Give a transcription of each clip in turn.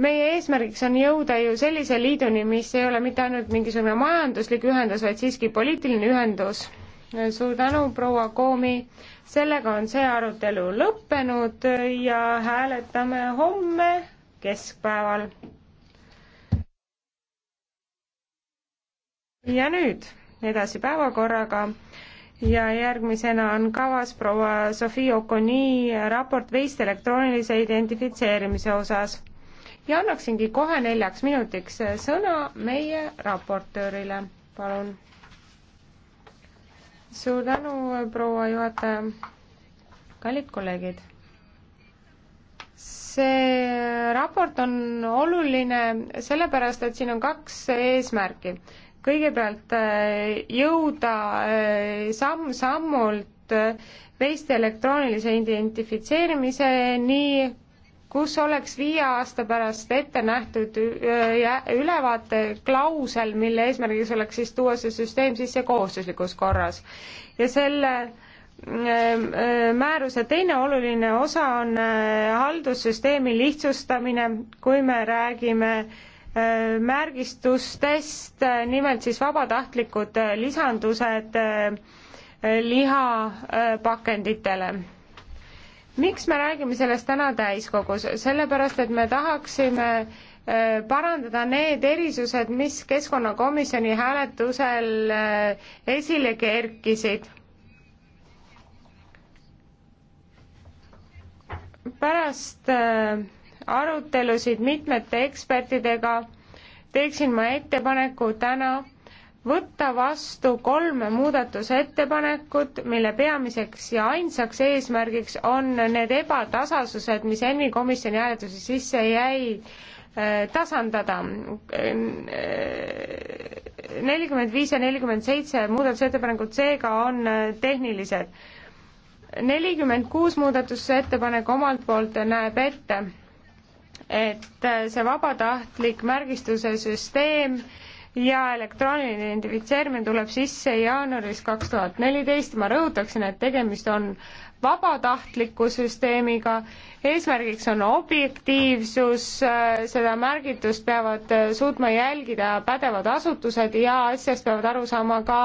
meie eesmärgiks on jõuda ju sellise liiduni, mis ei ole mitte ainult mingisugune majanduslik ühendus, vaid siiski poliitiline ühendus. suur tänu, proua Koomi. sellega on see arutelu lõppenud ja hääletame homme keskpäeval. ja nüüd edasi päevakorraga ja järgmisena on kavas proua Sofii Okoni raport veiste elektroonilise identifitseerimise osas ja annaksingi kohe neljaks minutiks sõna meie raportöörile, palun. suur tänu, proua juhataja. kallid kolleegid. see raport on oluline sellepärast, et siin on kaks eesmärki. kõigepealt eh, jõuda eh, samm-sammult teiste eh, elektroonilise identifitseerimiseni kus oleks viie aasta pärast ette nähtud ülevaate klausel, mille eesmärgiks oleks siis tuua see süsteem sisse kohustuslikus korras. ja selle mm, ähm, äh, määruse teine oluline osa on äh, haldussüsteemi lihtsustamine, kui me räägime äh, märgistustest, nimelt siis vabatahtlikud lisandused lihapakenditele miks me räägime sellest täna täiskogus, sellepärast et me tahaksime äh, parandada need erisused, mis keskkonnakomisjoni hääletusel äh, esile kerkisid. pärast äh, arutelusid mitmete ekspertidega teeksin ma ettepaneku täna võtta vastu kolm muudatusettepanekut, mille peamiseks ja ainsaks eesmärgiks on need ebatasasused, mis ENMi komisjoni hääletuse sisse jäid, eh, tasandada. Eh, nelikümmend viis ja nelikümmend seitse muudatusettepanekut seega on eh, tehnilised. nelikümmend kuus muudatusettepanek omalt poolt näeb ette, et see vabatahtlik märgistuse süsteem äh, ja elektrooniline identifitseerimine tuleb sisse jaanuaris kaks tuhat neliteist. ma rõhutaksin, et tegemist on vabatahtliku süsteemiga, eesmärgiks on objektiivsus, seda märgitust peavad suutma jälgida pädevad asutused ja asjast peavad aru saama ka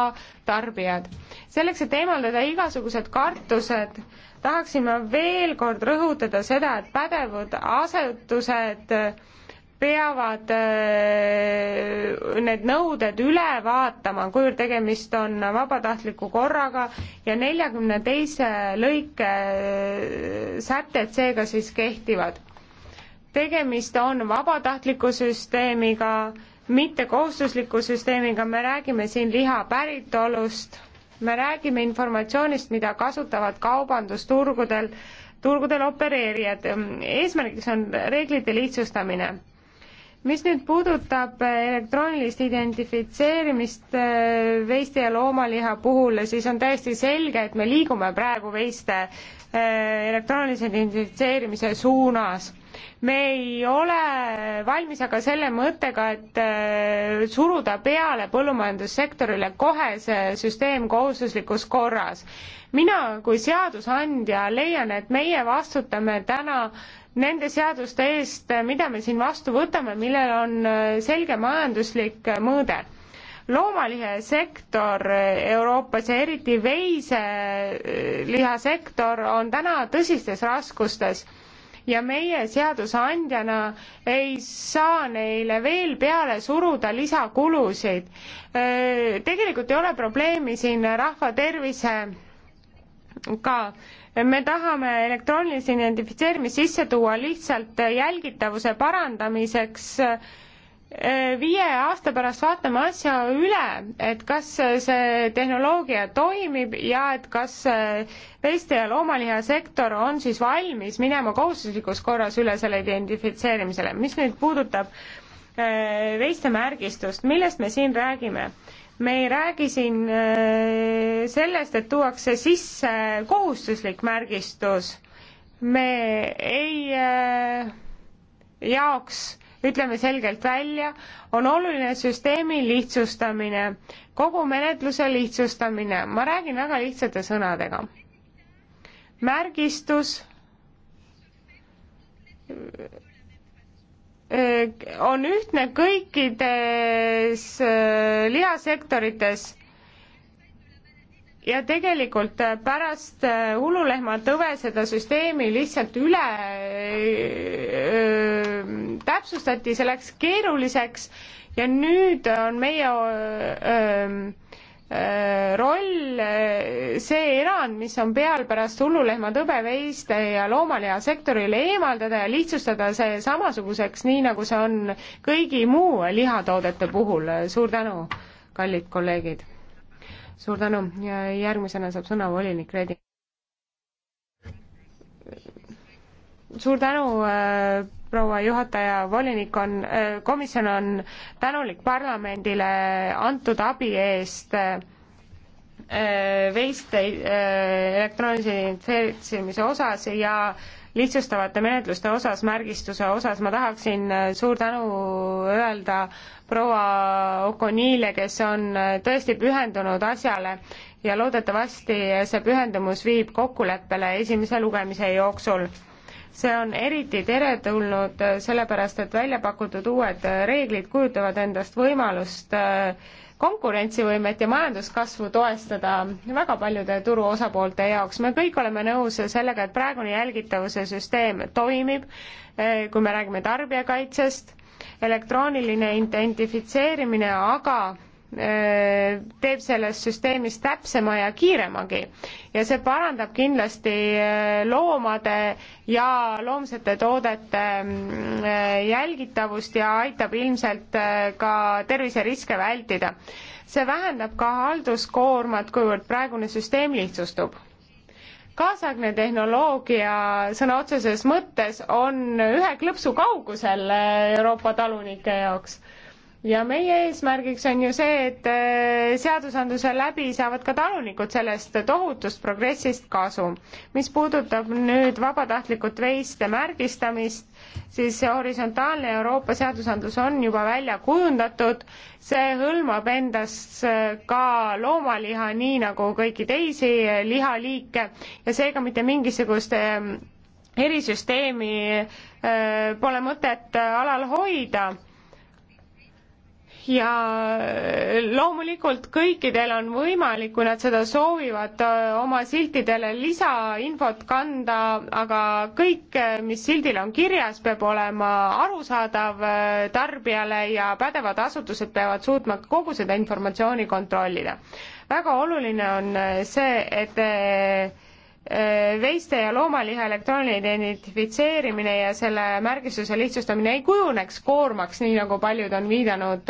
tarbijad. selleks, et eemaldada igasugused kartused, tahaksin ma veel kord rõhutada seda, et pädevad asutused peavad äh, need nõuded üle vaatama, kuivõrd tegemist on vabatahtliku korraga ja neljakümne teise lõike äh, sätted seega siis kehtivad. tegemist on vabatahtliku süsteemiga, mitte kohustusliku süsteemiga, me räägime siin liha päritolust, me räägime informatsioonist, mida kasutavad kaubandusturgudel, turgudel opereerijad, eesmärgiks on reeglite lihtsustamine mis nüüd puudutab äh, elektroonilist identifitseerimist äh, veiste ja loomaliha puhul, siis on täiesti selge, et me liigume praegu veiste äh, elektroonilise identifitseerimise suunas. me ei ole valmis aga selle mõttega, et suruda peale põllumajandussektorile kohe see süsteem kohustuslikus korras. mina kui seadusandja leian, et meie vastutame täna nende seaduste eest, mida me siin vastu võtame, millel on äh, selge majanduslik äh, mõõde. loomalihasektor Euroopas ja eriti veiselihasektor äh, on täna tõsistes raskustes ja meie seadusandjana ei saa neile veel peale suruda lisakulusid. tegelikult ei ole probleemi siin rahva tervisega me tahame elektroonilise identifitseerimist sisse tuua lihtsalt jälgitavuse parandamiseks. viie aasta pärast vaatame asja üle, et kas see tehnoloogia toimib ja et kas veiste ja loomalihasektor on siis valmis minema kohustuslikus korras üle selle identifitseerimisele. mis nüüd puudutab eh, veiste märgistust, millest me siin räägime? me ei räägi siin äh, sellest, et tuuakse sisse kohustuslik märgistus. me ei äh, jaoks ütleme selgelt välja, on oluline süsteemi lihtsustamine, kogu menetluse lihtsustamine, ma räägin väga lihtsate sõnadega. märgistus on ühtne kõikides äh, lihasektorites ja tegelikult äh, pärast hullulehmatõve äh, seda süsteemi lihtsalt üle öö, täpsustati, see läks keeruliseks ja nüüd on meie öö, Äh, roll, äh, see erand, mis on peal pärast hullulehma tõbeveiste ja loomalihasektorile eemaldada ja lihtsustada see samasuguseks, nii nagu see on kõigi muu lihatoodete puhul. suur tänu, kallid kolleegid. suur tänu ja järgmisena saab sõna volinik Reedi. suur tänu äh, proua juhataja, volinik on, äh, komisjon on tänulik parlamendile antud abi eest äh, veiste äh, elektroonilise identifitseerimise osas ja lihtsustavate menetluste osas, märgistuse osas, ma tahaksin suur tänu öelda proua Okonile, kes on tõesti pühendunud asjale ja loodetavasti see pühendumus viib kokkuleppele esimese lugemise jooksul see on eriti teretulnud, äh, sellepärast et välja pakutud uued äh, reeglid kujutavad endast võimalust äh, konkurentsivõimet ja majanduskasvu toestada väga paljude turu osapoolte jaoks. me kõik oleme nõus sellega, et praegune jälgitavuse süsteem toimib, kui me räägime tarbijakaitsest, elektrooniline identifitseerimine aga Äh, teeb sellest süsteemist täpsema ja kiiremagi ja see parandab kindlasti äh, loomade ja loomsete toodete mm, äh, jälgitavust ja aitab ilmselt ka terviseriske vältida. see vähendab ka halduskoormat, kuivõrd praegune süsteem lihtsustub kaasaegne tehnoloogia sõna otseses mõttes on ühe klõpsu kaugusel Euroopa talunike jaoks ja meie eesmärgiks on ju see, et äh, seadusandluse läbi saavad ka talunikud sellest tohutust progressist kasu. mis puudutab nüüd vabatahtlikult veiste märgistamist, siis see horisontaalne Euroopa seadusandlus on juba välja kujundatud, see hõlmab endas äh, ka loomaliha, nii nagu kõiki teisi äh, lihaliike ja seega mitte mingisugust ähm, erisüsteemi pole mõtet alal hoida ja loomulikult kõikidel on võimalik, kui nad seda soovivad, oma siltidele lisainfot kanda, aga kõik, mis sildil on kirjas, peab olema arusaadav tarbijale ja pädevad asutused peavad suutma kogu seda informatsiooni kontrollida. väga oluline on see, et Äh, veiste ja loomaliha elektrooniline identifitseerimine ja selle märgistuse lihtsustamine ei kujuneks koormaks, nii nagu paljud on viidanud.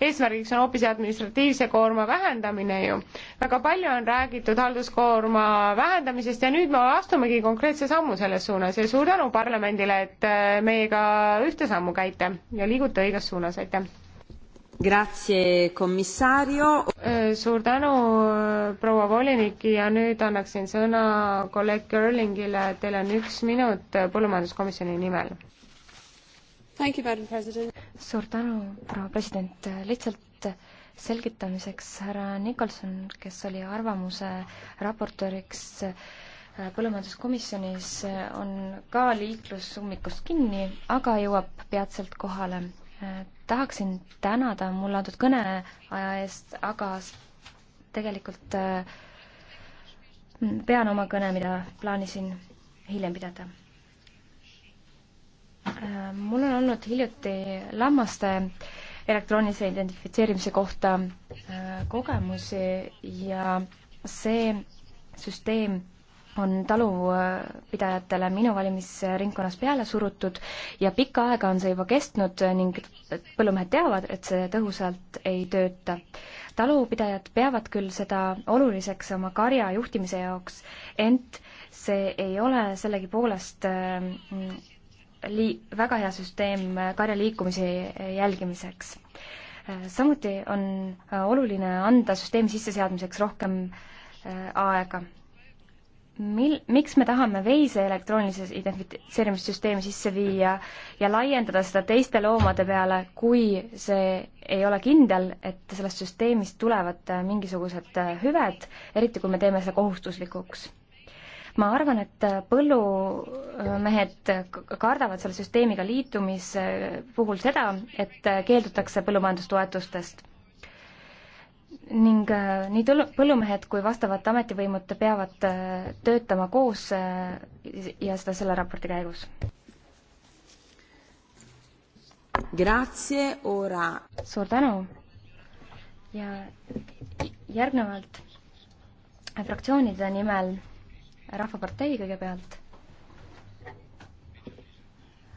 eesmärgiks on hoopis administratiivse koorma vähendamine ju. väga palju on räägitud halduskoorma vähendamisest ja nüüd me astumegi konkreetse sammu selles suunas ja suur tänu parlamendile, et äh, meiega ühte sammu käite ja liigute õiges suunas, aitäh! Grazie, komissario. Äh, suur tänu, äh, proua volinik ja nüüd annaksin sõna kolleeg Görlingile, teil on üks minut äh, põllumajanduskomisjoni nimel. suur tänu, proua president, lihtsalt selgitamiseks härra Nikolson, kes oli arvamuse raportööriks põllumajanduskomisjonis, on ka liiklusummikust kinni, aga jõuab peatselt kohale tahaksin tänada mulle antud kõneaja eest, aga tegelikult äh, pean oma kõne, mida plaanisin hiljem pidada. Äh, mul on olnud hiljuti lammaste elektroonilise identifitseerimise kohta äh, kogemusi ja see süsteem on talupidajatele minu valimisringkonnas peale surutud ja pikka aega on see juba kestnud ning põllumehed teavad, et see tõhusalt ei tööta. talupidajad peavad küll seda oluliseks oma karja juhtimise jaoks, ent see ei ole sellegipoolest äh, lii-, väga hea süsteem äh, karja liikumise jälgimiseks. Äh, samuti on oluline anda süsteemi sisseseadmiseks rohkem aega mil-, miks me tahame veise elektroonilise identifitseerimissüsteemi sisse viia ja laiendada seda teiste loomade peale, kui see ei ole kindel, et sellest süsteemist tulevad äh, mingisugused äh, hüved, eriti kui me teeme selle kohustuslikuks? ma arvan, et äh, põllumehed kardavad selle süsteemiga liitumise puhul seda, et keeldutakse põllumajandustoetustest ning äh, nii tõl-, põllumehed kui vastavad ametivõimud peavad äh, töötama koos äh, ja seda selle raporti käigus. suur tänu ja järgnevalt fraktsioonide nimel Rahvapartei kõigepealt.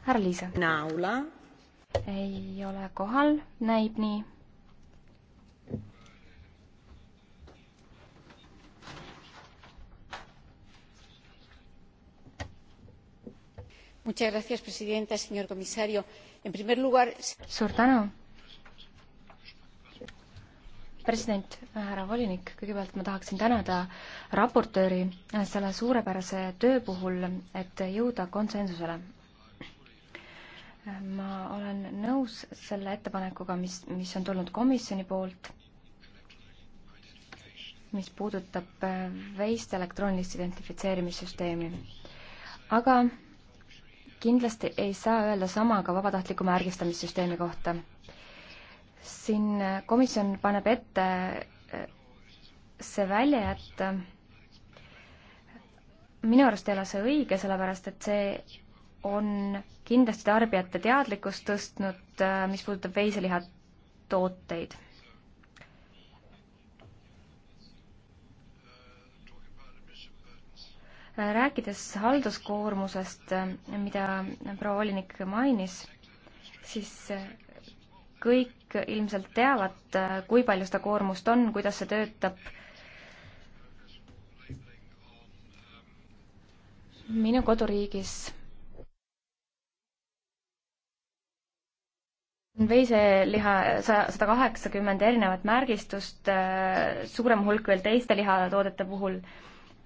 härra Liisa. ei ole kohal, näib nii señora presidenta señor comisario en primer lugar. suur tänu president härra volinik kõigepealt ma tahaksin tänada raportööri selle suurepärase töö puhul et jõuda konsensusele ma olen nõus selle ettepanekuga mis mis on tulnud komisjoni poolt mis puudutab äh, veiste elektroonilist identifitseerimissüsteemi aga kindlasti ei saa öelda sama ka vabatahtliku märgistamissüsteemi kohta. siin komisjon paneb ette äh, see välja jätta minu arust ei ole see õige, sellepärast et see on kindlasti tarbijate teadlikkust tõstnud, äh, mis puudutab veiselihatootteid rääkides halduskoormusest, mida proua volinik mainis, siis kõik ilmselt teavad, kui palju seda koormust on, kuidas see töötab. minu koduriigis veiseliha saja, sada kaheksakümmend erinevat märgistust, suurem hulk veel teiste lihatoodete puhul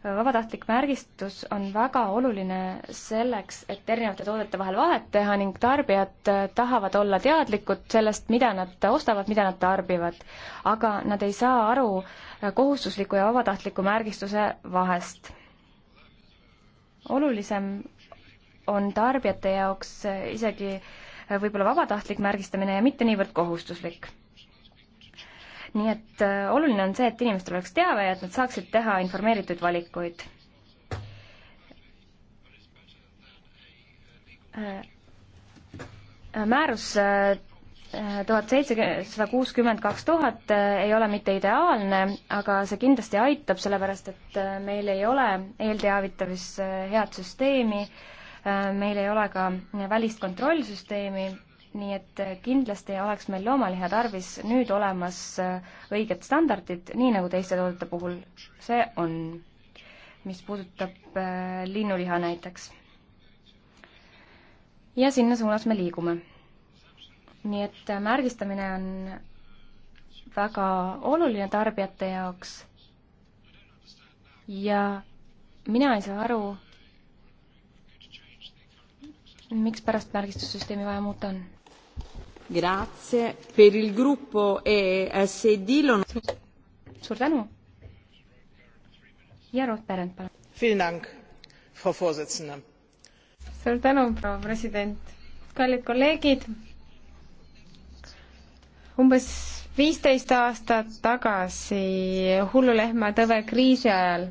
vabatahtlik märgistus on väga oluline selleks, et erinevate toodete vahel vahet teha ning tarbijad äh, tahavad olla teadlikud sellest, mida nad ostavad, mida nad tarbivad. aga nad ei saa aru äh, kohustusliku ja vabatahtliku märgistuse vahest. olulisem on tarbijate jaoks äh, isegi võib-olla vabatahtlik märgistamine ja mitte niivõrd kohustuslik nii et äh, oluline on see, et inimestel oleks teave ja et nad saaksid teha informeeritud valikuid. Äh, äh, määrus tuhat seitsesada kuuskümmend kaks tuhat ei ole mitte ideaalne, aga see kindlasti aitab, sellepärast et meil ei ole eelteavitamis head süsteemi, meil ei ole ka välist kontrollsüsteemi nii et äh, kindlasti oleks meil loomaliha tarvis nüüd olemas äh, õiged standardid, nii nagu teiste toodete puhul see on, mis puudutab äh, linnuliha näiteks. ja sinna suunas me liigume. nii et märgistamine on väga oluline tarbijate jaoks ja mina ei saa aru, mikspärast märgistussüsteemi vaja muuta on? Grazie. Per il gruppo ESD l'on... Suur tänu. ja Ruth Berend, palun. Vielen Dank, Frau Vorsitzende. suur tänu, proua president. kallid kolleegid. umbes viisteist aastat tagasi hullulehmatõve kriisi ajal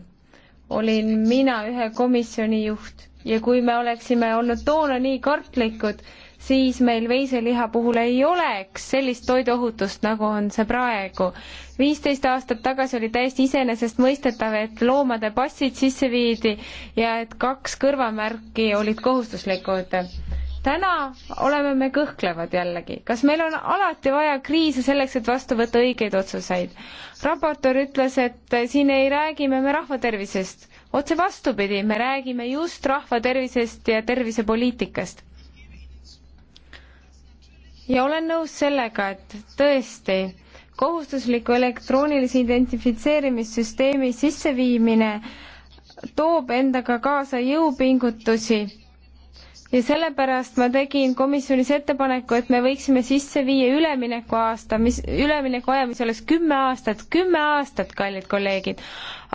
olin mina ühe komisjoni juht ja kui me oleksime olnud toona nii kartlikud, siis meil veiseliha puhul ei oleks sellist toiduohutust, nagu on see praegu. viisteist aastat tagasi oli täiesti iseenesestmõistetav, et loomade passid sisse viidi ja et kaks kõrvamärki olid kohustuslikud täna oleme me kõhklevad jällegi, kas meil on alati vaja kriise selleks, et vastu võtta õigeid otsuseid. raportöör ütles, et siin ei räägi me rahvatervisest, otse vastupidi, me räägime just rahvatervisest ja tervisepoliitikast ja olen nõus sellega, et tõesti, kohustusliku elektroonilise identifitseerimissüsteemi sisseviimine toob endaga kaasa jõupingutusi ja sellepärast ma tegin komisjonis ettepaneku, et me võiksime sisse viia üleminekuaasta, mis, üleminekuaja, mis oleks kümme aastat, kümme aastat, kallid kolleegid.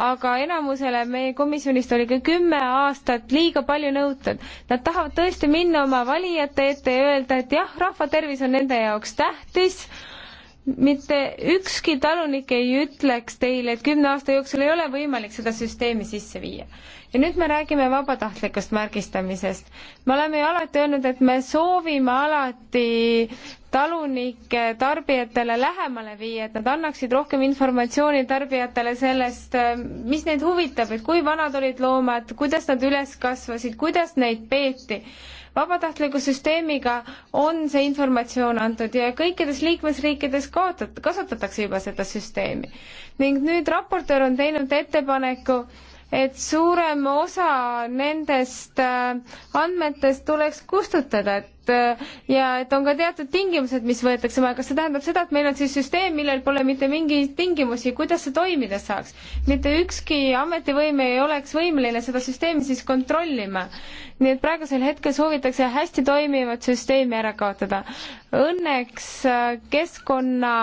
aga enamusele meie komisjonist oli ka kümme aastat liiga palju nõutud. Nad tahavad tõesti minna oma valijate ette ja öelda, et jah, rahva tervis on nende jaoks tähtis mitte ükski talunik ei ütleks teile, et kümne aasta jooksul ei ole võimalik seda süsteemi sisse viia. ja nüüd me räägime vabatahtlikust märgistamisest. me oleme ju alati öelnud, et me soovime alati talunike tarbijatele lähemale viia, et nad annaksid rohkem informatsiooni tarbijatele sellest, äh, mis neid huvitab, et kui vanad olid loomad, kuidas nad üles kasvasid, kuidas neid peeti vabatahtliku süsteemiga on see informatsioon antud ja kõikides liikmesriikides kaotat-, kasutatakse juba seda süsteemi. ning nüüd raportöör on teinud ettepaneku, et suurem osa nendest äh, andmetest tuleks kustutada, et Äh, ja et on ka teatud tingimused, mis võetakse maha, kas see tähendab seda, et meil on siis süsteem, millel pole mitte mingeid tingimusi, kuidas see toimida saaks? mitte ükski ametivõim ei oleks võimeline seda süsteemi siis kontrollima. nii et praegusel hetkel soovitakse hästi toimivat süsteemi ära kaotada. Õnneks äh, keskkonna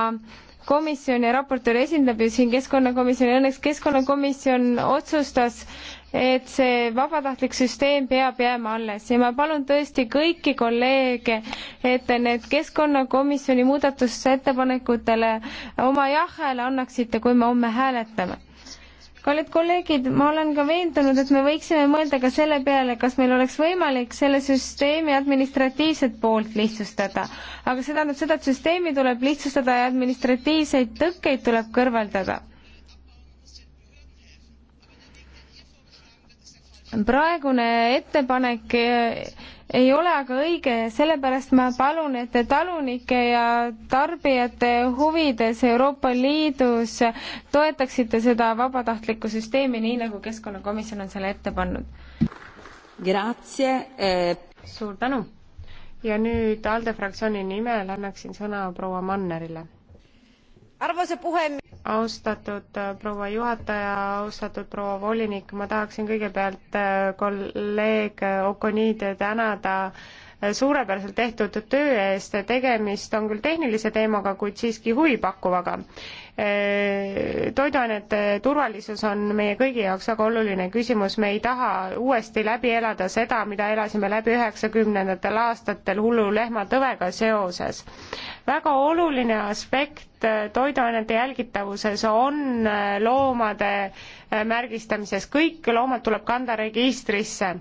komisjon ja raportöör esindab ju siin keskkonnakomisjoni, õnneks keskkonnakomisjon otsustas äh, et see vabatahtlik süsteem peab jääma alles ja ma palun tõesti kõiki kolleege, et te need keskkonnakomisjoni muudatusettepanekutele oma jah-hääle annaksite, kui me homme hääletame kallid kolleegid, ma olen ka veendunud, et me võiksime mõelda ka selle peale, kas meil oleks võimalik selle süsteemi administratiivset poolt lihtsustada. aga see tähendab seda, et süsteemi tuleb lihtsustada ja administratiivseid tõkkeid tuleb kõrvaldada praegune ettepanek ei ole aga õige ja sellepärast ma palun, et te talunike ja tarbijate huvides Euroopa Liidus toetaksite seda vabatahtlikku süsteemi, nii nagu Keskkonnakomisjon on selle ette pannud. Eh. suur tänu ja nüüd ALDE fraktsiooni nimel annaksin sõna proua Mannerile austatud äh, proua juhataja, austatud proua volinik, ma tahaksin kõigepealt äh, kolleeg Okonid tänada suurepäraselt tehtud töö eest, tegemist on küll tehnilise teemaga, kuid siiski huvipakkuvaga. toiduainete turvalisus on meie kõigi jaoks väga oluline küsimus, me ei taha uuesti läbi elada seda, mida elasime läbi üheksakümnendatel aastatel hullu lehmatõvega seoses. väga oluline aspekt toiduainete jälgitavuses on loomade märgistamises, kõik loomad tuleb kanda registrisse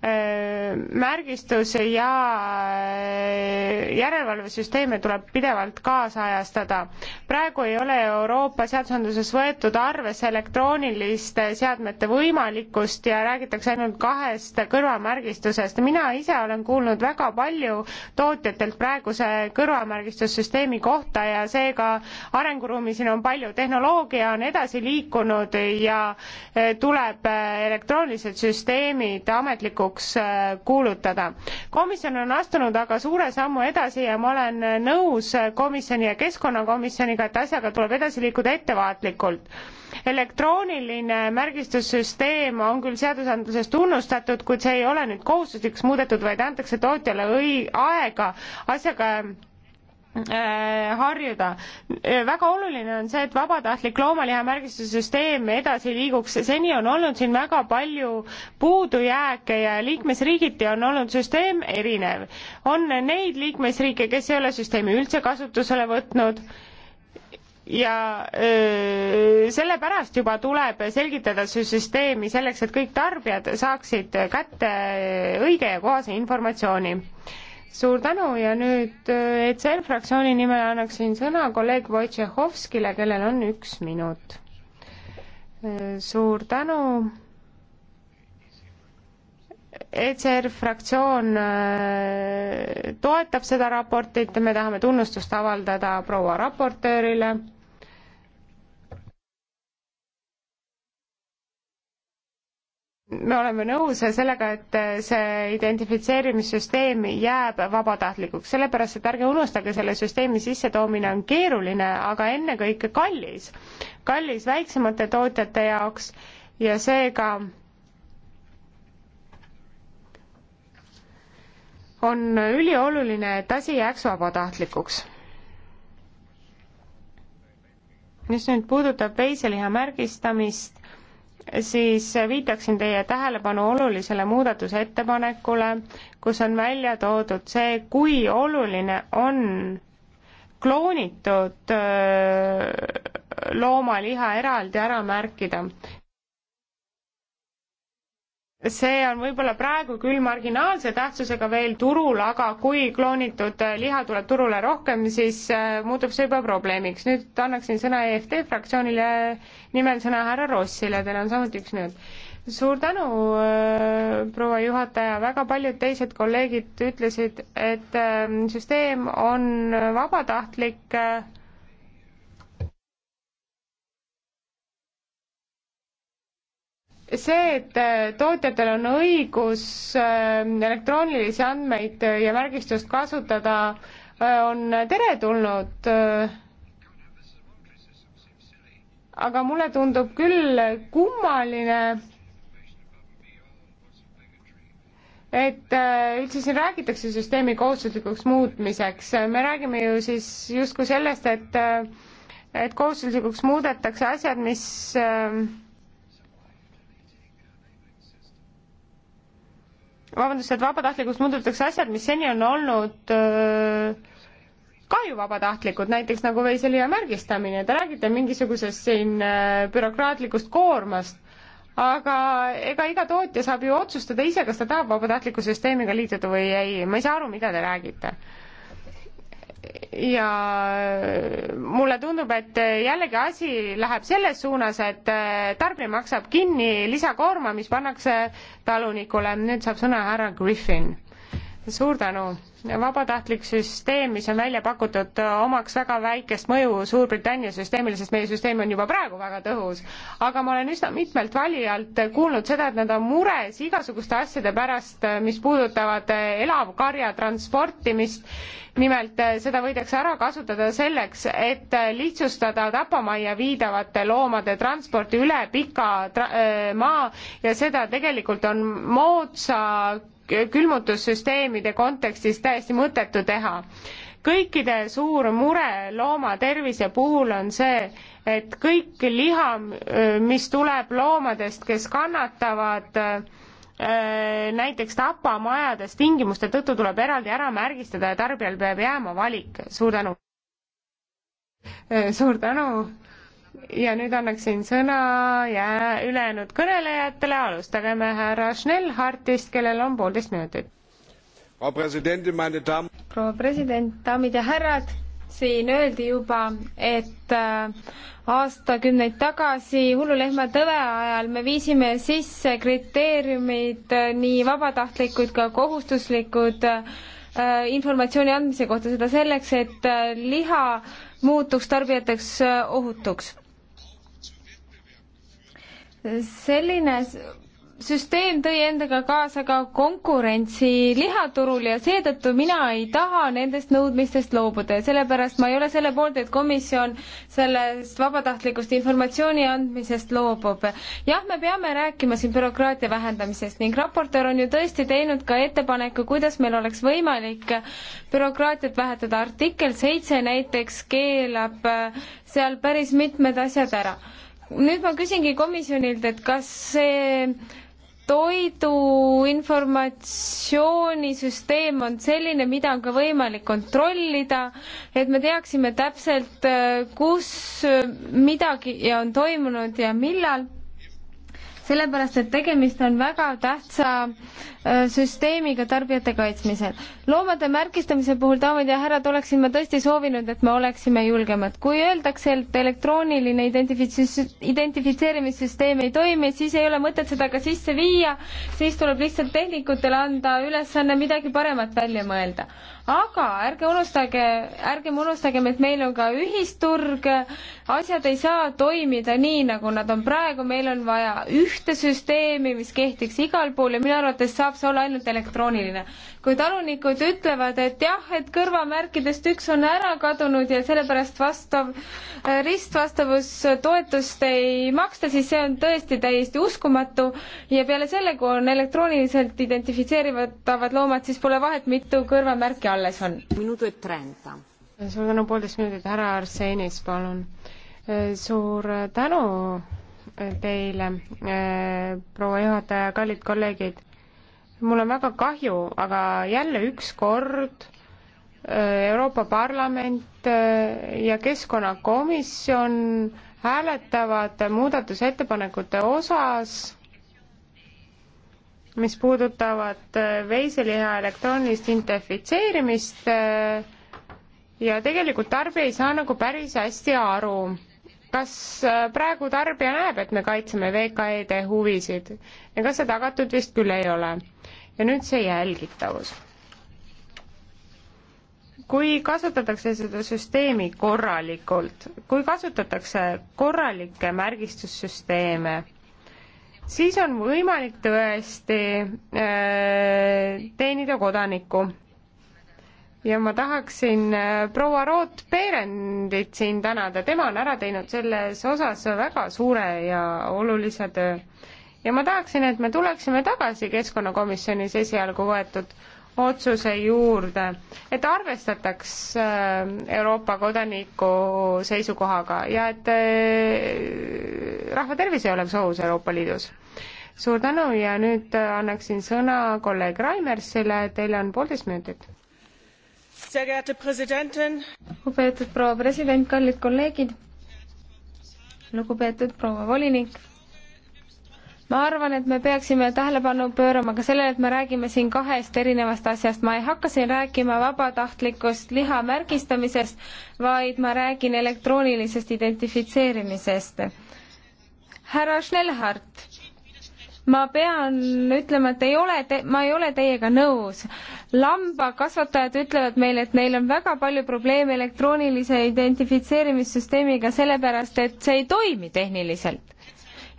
Äh, märgistus ja äh, järelevalvesüsteeme tuleb pidevalt kaasajastada. praegu ei ole Euroopa seadusandluses võetud arvesse elektrooniliste seadmete võimalikkust ja räägitakse ainult kahest kõrvamärgistusest. mina ise olen kuulnud väga palju tootjatelt praeguse kõrvamärgistussüsteemi kohta ja seega arenguruumi siin on palju. tehnoloogia on edasi liikunud ja äh, tuleb elektroonilised süsteemid ametliku lõpulikuks äh, kuulutada. komisjon on astunud aga suure sammu edasi ja ma olen nõus komisjoni ja keskkonnakomisjoniga, et asjaga tuleb edasi liikuda ettevaatlikult elektrooniline märgistussüsteem on küll seadusandluses tunnustatud, kuid see ei ole nüüd kohustuslikuks muudetud, vaid antakse tootjale õi-, aega asjaga Äh, harjuda. Äh, väga oluline on see, et vabatahtlik loomalihamiärgistuse süsteem edasi liiguks, seni on olnud siin väga palju puudujääke ja liikmesriigiti on olnud süsteem erinev. on neid liikmesriike, kes ei ole süsteemi üldse kasutusele võtnud ja öö, äh, sellepärast juba tuleb selgitada see süsteemi selleks, et kõik tarbijad saaksid kätte õige ja kohase informatsiooni suur tänu ja nüüd äh, ECR fraktsiooni nimel annaksin sõna kolleeg Wojciechowskile, kellel on üks minut. Äh, suur tänu. ECR fraktsioon äh, toetab seda raportit ja me tahame tunnustust avaldada proua raportöörile me oleme nõus sellega, et see identifitseerimissüsteem jääb vabatahtlikuks, sellepärast et ärge unustage, selle süsteemi sissetoomine on keeruline, aga ennekõike kallis. kallis väiksemate tootjate jaoks ja seega on ülioluline, et asi jääks vabatahtlikuks. mis nüüd puudutab veiseliha märgistamist, siis viitaksin teie tähelepanu olulisele muudatusettepanekule, kus on välja toodud see, kui oluline on kloonitud äh, loomaliha eraldi ära märkida see on võib-olla praegu küll marginaalse tähtsusega veel turul, aga kui kloonitud liha tuleb turule rohkem, siis äh, muutub see juba probleemiks. nüüd annaksin sõna EFT fraktsioonile, nimel sõna härra Rossile, teil on samuti üks minut. suur tänu, äh, proua juhataja, väga paljud teised kolleegid ütlesid, et äh, süsteem on vabatahtlik see, et äh, tootjatel on õigus äh, elektroonilisi andmeid ja märgistust kasutada, äh, on teretulnud. aga mulle tundub küll kummaline, et üldse siin räägitakse süsteemi kohustuslikuks muutmiseks, me räägime ju siis justkui sellest, et et kohustuslikuks muudetakse asjad, mis äh, vabandust, et vabatahtlikuks muudetakse asjad, mis seni on olnud öö, ka ju vabatahtlikud, näiteks nagu veiselija märgistamine, te räägite mingisugusest siin bürokraatlikust koormast, aga ega iga tootja saab ju otsustada ise, kas ta tahab vabatahtliku süsteemiga liituda või ei, ma ei saa aru, mida te räägite ja mulle tundub, et jällegi asi läheb selles suunas, et tarbija maksab kinni lisakoorma, mis pannakse talunikule. nüüd saab sõna härra Griffin. suur tänu vabatahtlik süsteem, mis on välja pakutud, omaks väga väikest mõju Suurbritannia süsteemile, sest meie süsteem on juba praegu väga tõhus. aga ma olen üsna mitmelt valijalt kuulnud seda, et nad on mures igasuguste asjade pärast, mis puudutavad elavkarja transportimist. nimelt seda võidakse ära kasutada selleks, et lihtsustada tapamajja viidavate loomade transporti üle pika tra maa ja seda tegelikult on moodsa külmutussüsteemide kontekstis täiesti mõttetu teha. kõikide suur mure looma tervise puhul on see, et kõik liha, mis tuleb loomadest, kes kannatavad äh, näiteks tapamajades tingimuste tõttu tuleb eraldi ära märgistada ja tarbijal peab jääma valik. suur tänu! suur tänu! ja nüüd annaksin sõna ja ülejäänud kõnelejatele, alustageme härra Schnellhartist, kellel on poolteist minutit. proua president, daamid ja härrad, siin öeldi juba, et äh, aastakümneid tagasi hullulehma tõve ajal me viisime sisse kriteeriumid, äh, nii vabatahtlikud kui kohustuslikud äh, informatsiooni andmise kohta, seda selleks, et liha muutuks tarbijateks ohutuks selline süsteem tõi endaga kaasa ka konkurentsi lihaturul ja seetõttu mina ei taha nendest nõudmistest loobuda ja sellepärast ma ei ole selle poolt, et komisjon sellest vabatahtlikust informatsiooni andmisest loobub. jah, me peame rääkima siin bürokraatia vähendamisest ning raportöör on ju tõesti teinud ka ettepaneku, kuidas meil oleks võimalik bürokraatiat vähendada. artikkel seitse näiteks keelab äh, seal päris mitmed asjad ära nüüd ma küsingi komisjonilt, et kas see toidu informatsioonisüsteem on selline, mida on ka võimalik kontrollida, et me teaksime täpselt, kus midagi on toimunud ja millal sellepärast et tegemist on väga tähtsa äh, süsteemiga tarbijate kaitsmisel. loomade märgistamise puhul, daamid ja härrad, oleksin ma tõesti soovinud, et me oleksime julgemad. kui öeldakse, et elektrooniline identifitsi-, identifitseerimissüsteem ei toimi, siis ei ole mõtet seda ka sisse viia, siis tuleb lihtsalt tehnikutele anda ülesanne midagi paremat välja mõelda aga ärge unustage, ärgem unustagem, et meil on ka ühisturg, asjad ei saa toimida nii, nagu nad on praegu, meil on vaja ühte süsteemi, mis kehtiks igal pool ja minu arvates saab see olla ainult elektrooniline kui talunikud ütlevad, et jah, et kõrvamärkidest üks on ära kadunud ja sellepärast vastav äh, ristvastavustoetust ei maksta, siis see on tõesti täiesti uskumatu ja peale selle, kui on elektrooniliselt identifitseeritavad loomad, siis pole vahet, mitu kõrvamärki alles on. E suur tänu, poolteist minutit, härra Arsenis, palun. Äh, suur tänu äh, teile, proua juhataja, kallid kolleegid mul on väga kahju, aga jälle üks kord äh, Euroopa Parlament äh, ja Keskkonnakomisjon hääletavad muudatusettepanekute osas, mis puudutavad äh, veiseliha elektroonilist identifitseerimist ja tegelikult tarbija ei saa nagu päris hästi aru, kas praegu tarbija näeb, et me kaitseme VKE-de huvisid ja kas see tagatud vist küll ei ole ja nüüd see jälgitavus. kui kasutatakse seda süsteemi korralikult, kui kasutatakse korralikke märgistussüsteeme, siis on võimalik tõesti öö, äh, teenida kodanikku. ja ma tahaksin äh, proua Root Peerendit siin tänada, tema on ära teinud selles osas väga suure ja olulise töö ja ma tahaksin, et me tuleksime tagasi Keskkonnakomisjonis esialgu võetud otsuse juurde, et arvestataks äh, Euroopa kodaniku seisukohaga ja et äh, rahva tervis ei oleks ohus Euroopa Liidus. suur tänu ja nüüd äh, annaksin sõna kolleeg Raimersile, teil on poolteist minutit. lugupeetud proua president, kallid kolleegid, lugupeetud proua volinik ma arvan, et me peaksime tähelepanu pöörama ka sellele, et me räägime siin kahest erinevast asjast. ma ei hakka siin rääkima vabatahtlikust liha märgistamisest, vaid ma räägin elektroonilisest identifitseerimisest. härra Schnellhardt, ma pean ütlema, et ei ole, ma ei ole teiega nõus. lambakasvatajad ütlevad meile, et neil on väga palju probleeme elektroonilise identifitseerimissüsteemiga, sellepärast et see ei toimi tehniliselt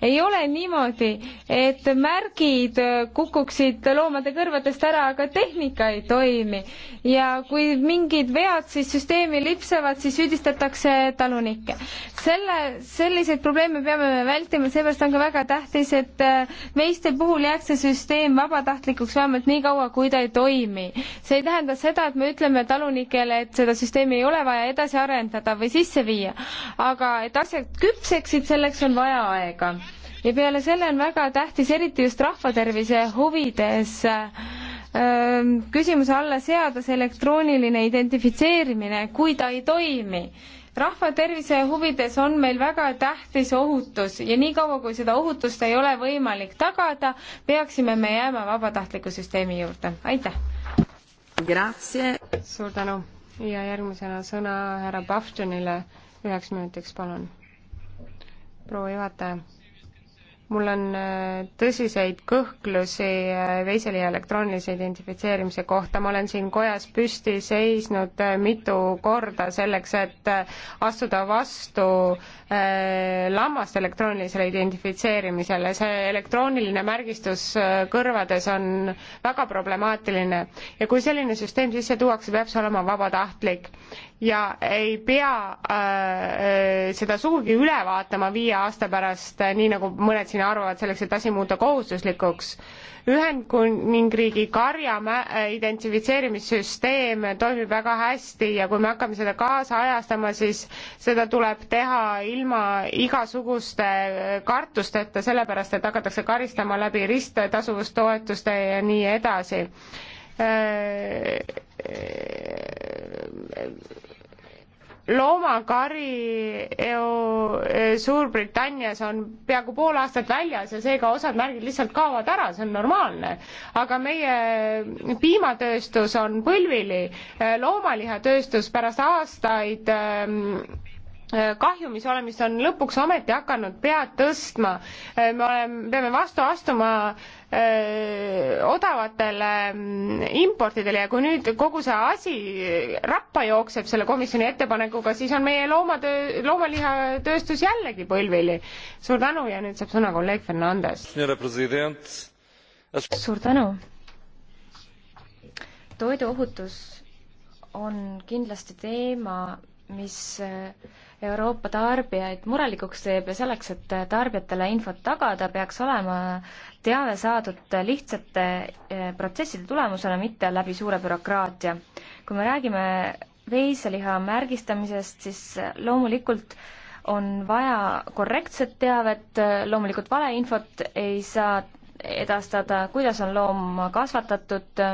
ei ole niimoodi, et märgid kukuksid loomade kõrvadest ära, aga tehnika ei toimi. ja kui mingid vead siis süsteemi lipsavad, siis süüdistatakse talunikke. selle, selliseid probleeme peame me vältima, seepärast on ka väga tähtis, et äh, meiste puhul jääks see süsteem vabatahtlikuks vähemalt nii kaua, kui ta ei toimi. see ei tähenda seda, et me ütleme talunikele, et seda süsteemi ei ole vaja edasi arendada või sisse viia, aga et asjad küpseksid, selleks on vaja aega ja peale selle on väga tähtis, eriti just rahvatervise huvides, küsimuse alla seada see elektrooniline identifitseerimine, kui ta ei toimi rahvatervise huvides on meil väga tähtis ohutus ja niikaua, kui seda ohutust ei ole võimalik tagada, peaksime me jääma vabatahtliku süsteemi juurde, aitäh! suur tänu ja järgmisena sõna härra Baftonile üheks minutiks, palun. proua juhataja mul on äh, tõsiseid kõhklusi äh, veiseliha elektroonilise identifitseerimise kohta, ma olen siin kojas püsti seisnud äh, mitu korda selleks, et astuda vastu äh, Äh, lammast elektroonilisele identifitseerimisele, see elektrooniline märgistus äh, kõrvades on väga problemaatiline ja kui selline süsteem sisse tuuakse, peab see olema vabatahtlik ja ei pea äh, äh seda sugugi üle vaatama viie aasta pärast, nii nagu mõned siin arvavad, selleks et asi muuta kohustuslikuks äh,. Ühendkuningriigi karja äh, identifitseerimissüsteem toimib väga hästi ja kui me hakkame seda kaasajastama, siis seda tuleb teha ilma igasuguste äh, kartusteta, sellepärast et hakatakse karistama läbi risttasuvustoetuste ja nii edasi äh, loomakari eh, Suurbritannias on peaaegu pool aastat väljas ja seega osad märgid lihtsalt kaovad ära, see on normaalne. aga meie piimatööstus on põlvili, eh, loomalihatööstus pärast aastaid ähm, Äh, kahjumis olemist on lõpuks ometi hakanud pead tõstma. Äh, me oleme, peame vastu astuma öö, äh, odavatele mm, importidele ja kui nüüd kogu see asi rappa jookseb selle komisjoni ettepanekuga, siis on meie loomatöö, loomalihatööstus jällegi põlvili. suur tänu ja nüüd saab sõna kolleeg Fernandes. suur tänu. toiduohutus on kindlasti teema, mis äh, Euroopa tarbijaid murelikuks teeb ja selleks, et tarbijatele infot tagada, peaks olema teave saadud lihtsate eh, protsesside tulemusena, mitte läbi suure bürokraatia. kui me räägime veiseliha märgistamisest, siis loomulikult on vaja korrektset teavet, loomulikult valeinfot ei saa edastada, kuidas on loom kasvatatud,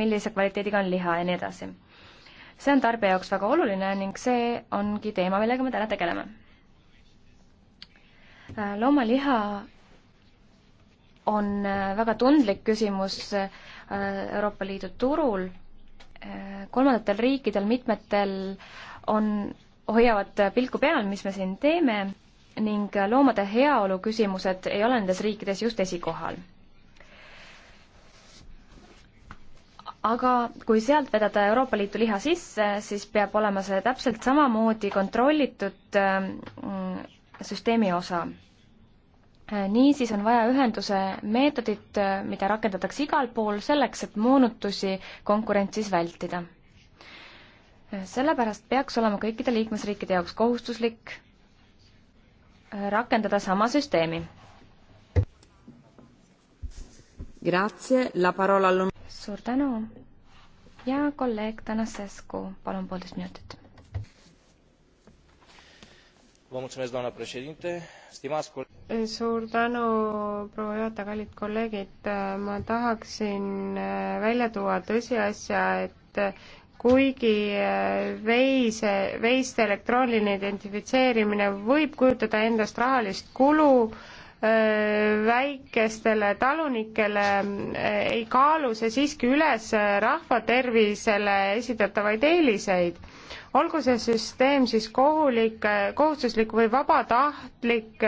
millise kvaliteediga on liha ja nii edasi see on tarbija jaoks väga oluline ning see ongi teema, millega me täna tegeleme. Äh, loomaliha on äh, väga tundlik küsimus äh, Euroopa Liidu turul, kolmandatel riikidel mitmetel on, hoiavad pilku peal, mis me siin teeme, ning loomade heaolu küsimused ei ole nendes riikides just esikohal aga kui sealt vedada Euroopa Liitu liha sisse, siis peab olema see täpselt samamoodi kontrollitud mm, süsteemi osa. niisiis on vaja ühenduse meetodit, mida rakendatakse igal pool selleks, et moonutusi konkurentsis vältida. sellepärast peaks olema kõikide liikmesriikide jaoks kohustuslik rakendada sama süsteemi. Grazie, la parola all'on- suur tänu ja kolleeg Tanasescu, palun poolteist minutit. suur tänu, proua juhataja, kallid kolleegid, ma tahaksin äh, välja tuua tõsiasja, et äh, kuigi äh, veise, veiste elektrooniline identifitseerimine võib kujutada endast rahalist kulu, väikestele talunikele ei kaalu see siiski üles rahva tervisele esitatavaid eeliseid. olgu see süsteem siis kohulik, kohustuslik või vabatahtlik,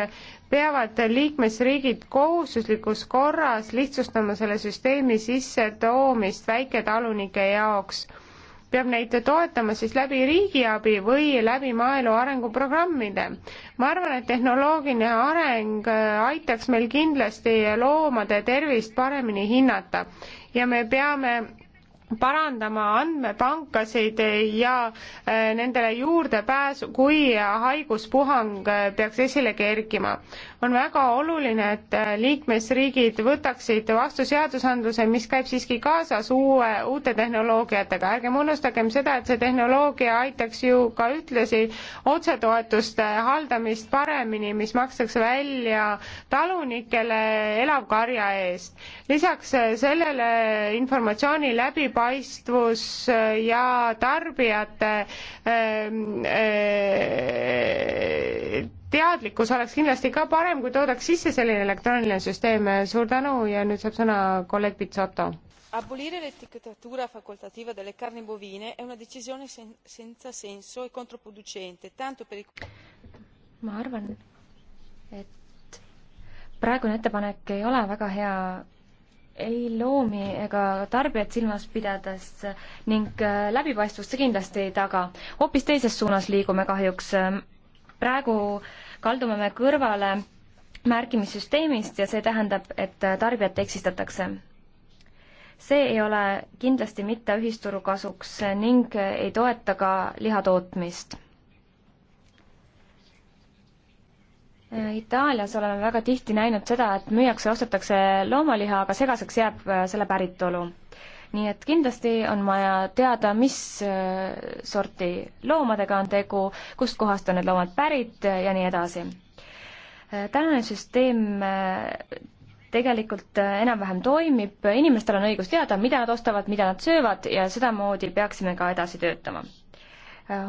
peavad liikmesriigid kohustuslikus korras lihtsustama selle süsteemi sissetoomist väiketalunike jaoks peab neid toetama siis läbi riigiabi või läbi maaelu arenguprogrammide. ma arvan, et tehnoloogiline areng äh, aitaks meil kindlasti loomade tervist paremini hinnata ja me peame parandama andmepankasid ja äh, nendele juurdepääsu, kui haiguspuhang äh, peaks esile kerkima on väga oluline, et äh, liikmesriigid võtaksid vastu seadusandluse, mis käib siiski kaasas uue, uute tehnoloogiatega. ärgem unustagem seda, et see tehnoloogia aitaks ju ka ühtlasi otsetoetuste haldamist paremini, mis makstakse välja talunikele elavkarja eest. lisaks äh, sellele informatsiooni läbipaistvus äh, ja tarbijate ähm, äh, äh, teadlikkus oleks kindlasti ka parem, kui toodaks sisse selline elektrooniline süsteem. suur tänu ja nüüd saab sõna kolleeg Pitsoto. Abolire l'etichettatura facoltativa delle carni bovine è una decisione sen- senza senso e controproducente, tanto per i... ma arvan, et praegune ettepanek ei ole väga hea ei loomi ega tarbijat silmas pidades ning äh, läbipaistvust see kindlasti ei taga. hoopis teises suunas liigume kahjuks. praegu äh, kaldume me kõrvale märkimissüsteemist ja see tähendab, et tarbijat eksistatakse. see ei ole kindlasti mitte ühisturu kasuks ning ei toeta ka lihatootmist. Itaalias oleme väga tihti näinud seda, et müüakse, ostetakse loomaliha, aga segaseks jääb selle päritolu nii et kindlasti on vaja teada, mis äh, sorti loomadega on tegu, kustkohast on need loomad pärit äh, ja nii edasi. Äh, tänane süsteem tegelikult enam-vähem toimib, inimestel on õigus teada, mida nad ostavad, mida nad söövad ja sedamoodi peaksime ka edasi töötama.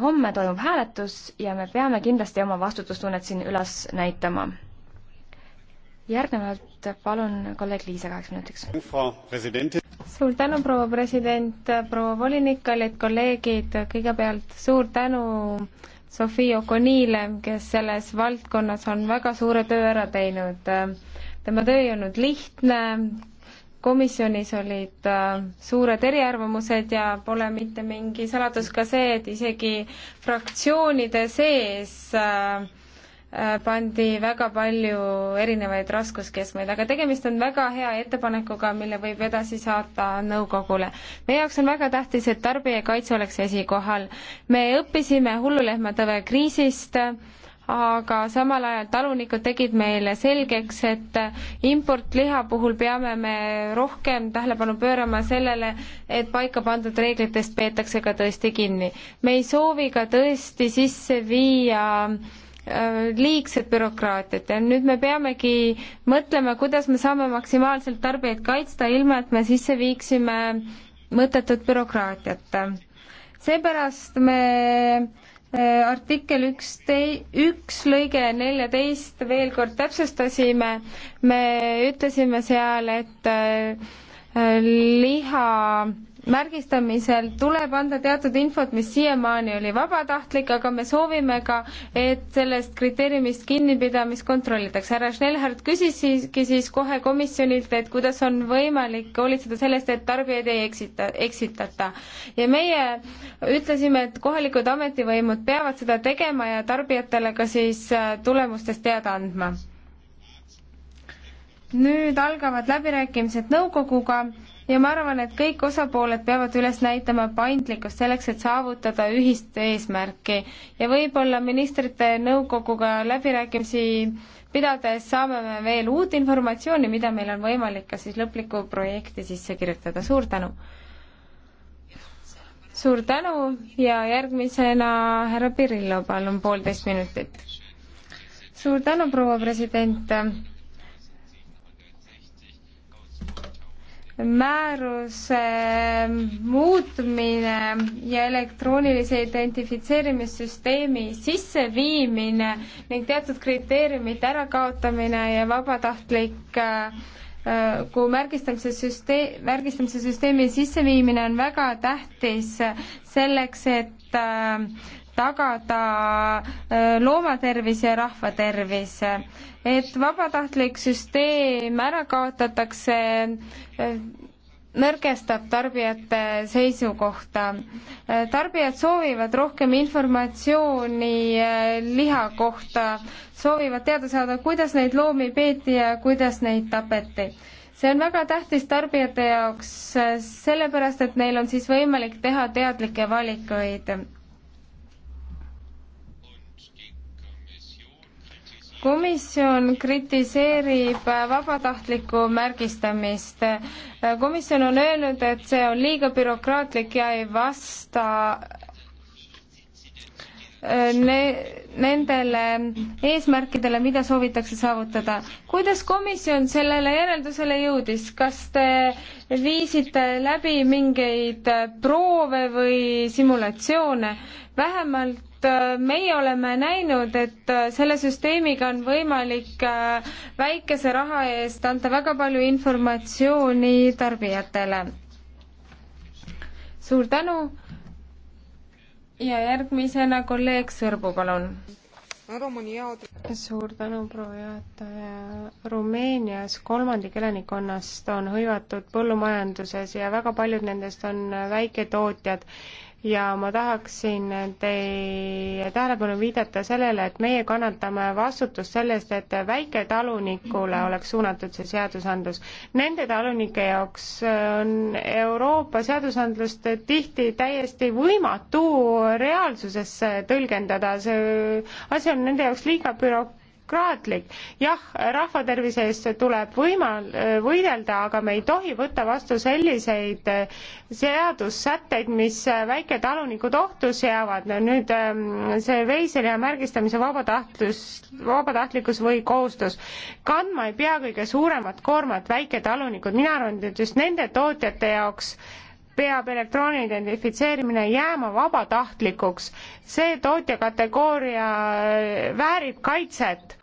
homme toimub hääletus ja me peame kindlasti oma vastutustunnet siin üles näitama järgnevalt palun kolleeg Liisa kaheks minutiks. suur tänu, proua president, proua volinik, kallid kolleegid, kõigepealt suur tänu Sofii Okoniile, kes selles valdkonnas on väga suure töö ära teinud. tema töö ei olnud lihtne, komisjonis olid äh, suured eriarvamused ja pole mitte mingi saladus ka see, et isegi fraktsioonide sees äh, Äh, pandi väga palju erinevaid raskuskeskmeid, aga tegemist on väga hea ettepanekuga, mille võib edasi saata nõukogule. meie jaoks on väga tähtis, et tarbijakaitse oleks esikohal. me õppisime hullulehmatõve kriisist, aga samal ajal talunikud tegid meile selgeks, et importliha puhul peame me rohkem tähelepanu pöörama sellele, et paika pandud reeglitest peetakse ka tõesti kinni. me ei soovi ka tõesti sisse viia äh, Äh, liigset bürokraatiat ja nüüd me peamegi mõtlema, kuidas me saame maksimaalselt tarbijaid kaitsta, ilma et me sisse viiksime mõttetut bürokraatiat. seepärast me äh, artikkel üks tei-, üks lõige neljateist veel kord täpsustasime, me ütlesime seal, et äh, liha märgistamisel tuleb anda teatud infot, mis siiamaani oli vabatahtlik, aga me soovime ka, et sellest kriteeriumist kinnipidamist kontrollitakse. härra Schnellhardt küsis siiski siis kohe komisjonilt, et kuidas on võimalik hoolitseda sellest, et tarbijaid ei eksita, eksitata. ja meie ütlesime, et kohalikud ametivõimud peavad seda tegema ja tarbijatele ka siis äh, tulemustest teada andma. nüüd algavad läbirääkimised nõukoguga ja ma arvan, et kõik osapooled peavad üles näitama paindlikkust selleks, et saavutada ühist eesmärki ja võib-olla ministrite nõukoguga läbirääkimisi pidades saame me veel uut informatsiooni, mida meil on võimalik ka siis lõplikku projekti sisse kirjutada, suur tänu! suur tänu ja järgmisena härra Pirillo, palun poolteist minutit. suur tänu, proua president! määruse muutmine ja elektroonilise identifitseerimissüsteemi sisseviimine ning teatud kriteeriumite ärakaotamine ja vabatahtlik äh, kui märgistamise süsteem, märgistamise süsteemi sisseviimine on väga tähtis selleks, et äh, tagada äh, loomatervis ja rahvatervis. et vabatahtlik süsteem ära kaotatakse, äh, nõrgestab tarbijate seisukohta. Äh, tarbijad soovivad rohkem informatsiooni liha kohta, soovivad teada saada, kuidas neid loomi peeti ja kuidas neid tapeti see on väga tähtis tarbijate jaoks, sellepärast et neil on siis võimalik teha teadlikke valikuid komisjon kritiseerib vabatahtlikku märgistamist. komisjon on öelnud, et see on liiga bürokraatlik ja ei vasta äh, ne-, nendele eesmärkidele, mida soovitakse saavutada. kuidas komisjon sellele järeldusele jõudis, kas te viisite läbi mingeid proove või simulatsioone? vähemalt Äh, meie oleme näinud, et äh, selle süsteemiga on võimalik äh, väikese raha eest anda väga palju informatsiooni tarbijatele. suur tänu ja järgmisena kolleeg Sõrbu, palun. suur tänu, proua juhataja. Rumeenias kolmandik elanikkonnast on hõivatud põllumajanduses ja väga paljud nendest on väiketootjad ja ma tahaksin teie tähelepanu viidata sellele, et meie kannatame vastutust selle eest, et väiketalunikule oleks suunatud see seadusandlus. Nende talunike jaoks on Euroopa seadusandlust tihti täiesti võimatu reaalsusesse tõlgendada, see asi on nende jaoks liiga büro-, demokraatlik. jah, rahvatervise eest tuleb võimal-, võidelda, aga me ei tohi võtta vastu selliseid eh, seadussätteid, mis eh, väiketalunikud ohtu seavad. no nüüd ehm, see veiseliha märgistamise vabatahtlus, vabatahtlikkus või kohustus. kandma ei pea kõige suuremat koormat väiketalunikud, mina arvan, et just nende tootjate jaoks, peab elektrooniline identifitseerimine jääma vabatahtlikuks. see tootjakategooria äh, väärib kaitset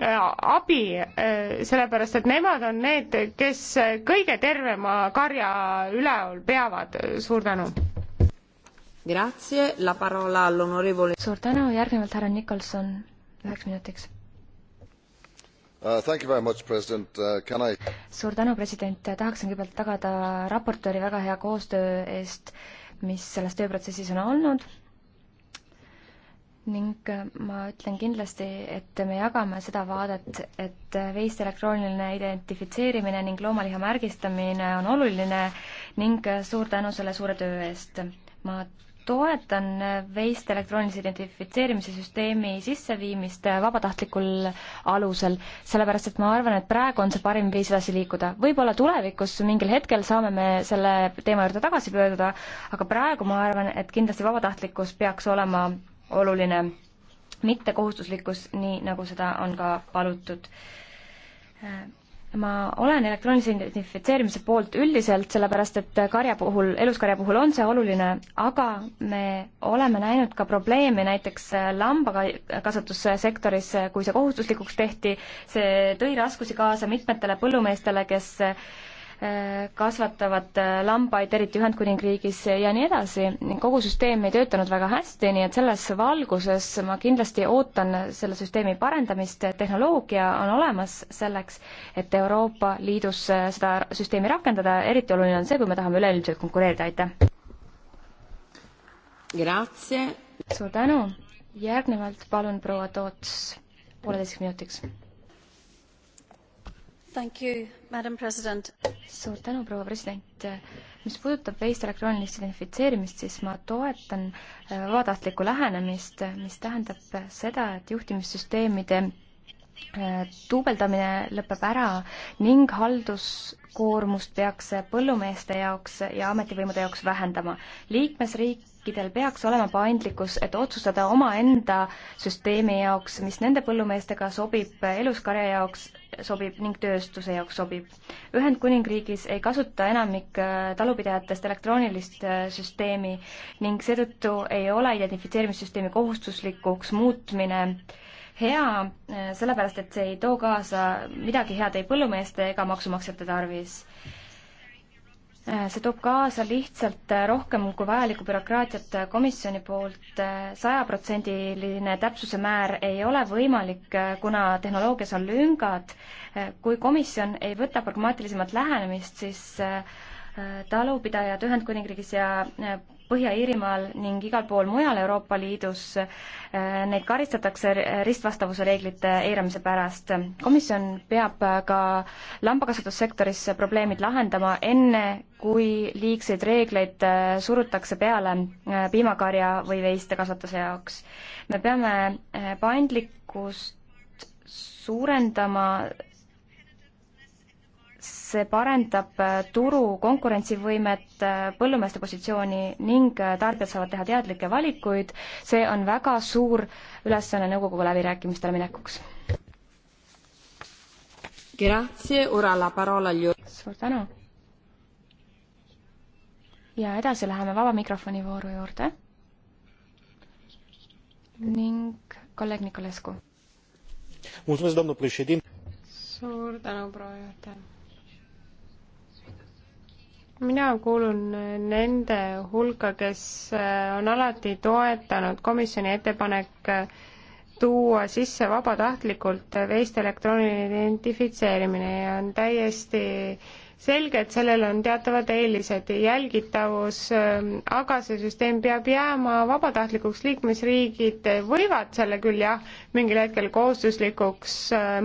äh, abi, äh, sellepärast et nemad on need, kes kõige tervema karja üleval peavad. suur tänu! suur tänu, järgnevalt härra Nikolson üheks minutiks Uh, uh, I... suur tänu, president, tahaksin kõigepealt tagada raportööri väga hea koostöö eest, mis selles tööprotsessis on olnud ning äh, ma ütlen kindlasti, et me jagame seda vaadet, et veiste elektrooniline identifitseerimine ning loomaliha märgistamine on oluline ning suur tänu selle suure töö eest. ma toetan veist elektroonilise identifitseerimise süsteemi sisseviimist vabatahtlikul alusel, sellepärast et ma arvan, et praegu on see parim viis edasi liikuda. võib-olla tulevikus mingil hetkel saame me selle teema juurde tagasi pöörduda, aga praegu ma arvan, et kindlasti vabatahtlikkus peaks olema oluline, mitte kohustuslikkus, nii nagu seda on ka palutud ma olen elektroonilise identifitseerimise poolt üldiselt, sellepärast et karja puhul, eluskarja puhul on see oluline, aga me oleme näinud ka probleeme näiteks lambakasvatussektoris, kui see kohustuslikuks tehti, see tõi raskusi kaasa mitmetele põllumeestele, kes Äh, kasvatavad äh, lambaid, eriti Ühendkuningriigis äh, ja nii edasi. kogu süsteem ei töötanud väga hästi, nii et selles valguses ma kindlasti ootan selle süsteemi parendamist, tehnoloogia on olemas selleks, et Euroopa Liidus seda süsteemi rakendada, eriti oluline on see, kui me tahame üleüldiselt konkureerida, aitäh! Grazie! suur tänu! järgnevalt palun proua Toots pooleteiseks minutiks suur tänu, proua president. mis puudutab veist elektroonilist identifitseerimist, siis ma toetan äh, vabatahtlikku lähenemist, mis tähendab seda, et juhtimissüsteemide äh, duubeldamine lõpeb ära ning halduskoormust peaks põllumeeste jaoks ja ametivõimude jaoks vähendama. liikmesriikidel peaks olema paindlikkus, et otsustada omaenda süsteemi jaoks, mis nende põllumeestega sobib, eluskarja jaoks sobib ning tööstuse jaoks sobib. Ühendkuningriigis ei kasuta enamik äh, talupidajatest elektroonilist äh, süsteemi ning seetõttu ei ole identifitseerimissüsteemi kohustuslikuks muutmine hea, äh, sellepärast et see ei too kaasa midagi head ei põllumeeste ega maksumaksjate tarvis see toob kaasa lihtsalt rohkem kui vajalikku bürokraatiat komisjoni poolt. sajaprotsendiline täpsuse määr ei ole võimalik, kuna tehnoloogias on lüngad. kui komisjon ei võta pragmaatilisemat lähenemist, siis talupidajad Ühendkuningriigis ja Põhja-Iirimaal ning igal pool mujal Euroopa Liidus äh, neid karistatakse ristvastavuse reeglite eiramise pärast. komisjon peab ka lambakasvatussektoris probleemid lahendama enne, kui liigseid reegleid äh, surutakse peale äh, piimakarja või veiste kasvatuse jaoks. me peame paindlikkust suurendama see parendab äh, turu konkurentsivõimet, äh, põllumeeste positsiooni ning äh, tarbijad saavad teha teadlikke valikuid, see on väga suur ülesanne nõukogu läbirääkimistele minekuks. suur tänu! ja edasi läheme vaba mikrofoni vooru juurde ning kolleeg Nikolescu. suur tänu, proua juhataja! mina kuulun nende hulka, kes äh, on alati toetanud komisjoni ettepanek äh, tuua sisse vabatahtlikult äh, veiste elektrooniline identifitseerimine ja on täiesti selge, et sellel on teatavad eelised, jälgitavus, ähm, aga see süsteem peab jääma vabatahtlikuks, liikmesriigid võivad selle küll jah, mingil hetkel kohustuslikuks